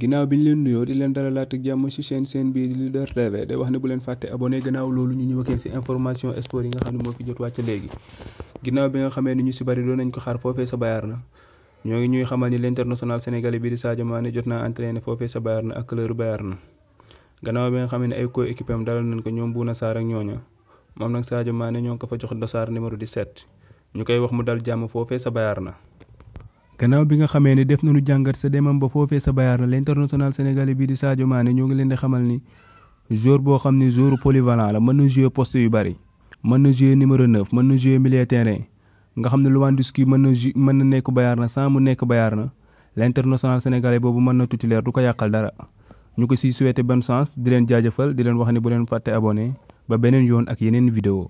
ginnaaw bi ñu leen nuyoo di leen dalalaat ak jàmm ci chaîne seen bii di Leader TV day wax ne bu leen fàtte abonné gannaaw loolu ñu ñëw ak yéen ci information sport yi nga xam ne moo fi jot wàcc léegi ginnaaw bi nga xamee ni ñu ci bari doon nañ ko xaar foofee sa Bayern na ñoo ngi ñuy xamal ni l'international sénégalais bi di Sadio Mané jot naa entraîné foofee sa Bayern na ak club Bayern na gannaaw bi nga xamee ne ay coéquipier am dalal nañ ko ñoom Bouna Sarr ak ñooña moom nag Sadio Mané ñoo ngi ko fa jox dossard numéro 17 ñu koy wax mu dal jàmm foofee sa Bayern na gannaaw bi nga xamee ne def nañu jàngat sa demam ba foofee sa bayaar la l'international sénégalais bii di Sadio ñoo ngi leen di xamal ni joueur boo xam ne joueur polyvalent la mën na jouer poste yu bari mën na jouer numéro 9 mën na jouer milieu terrain nga xam ne Lewandowski mën na ju mën na nekk bayaar na sans mu nekk bayaar na l'international sénégalais boobu mën na titulaire du ko yàqal dara ñu ko si souhaiter bonne chance di leen jaajëfal di leen wax ni bu leen fàtte abonné ba beneen yoon ak yeneen vidéo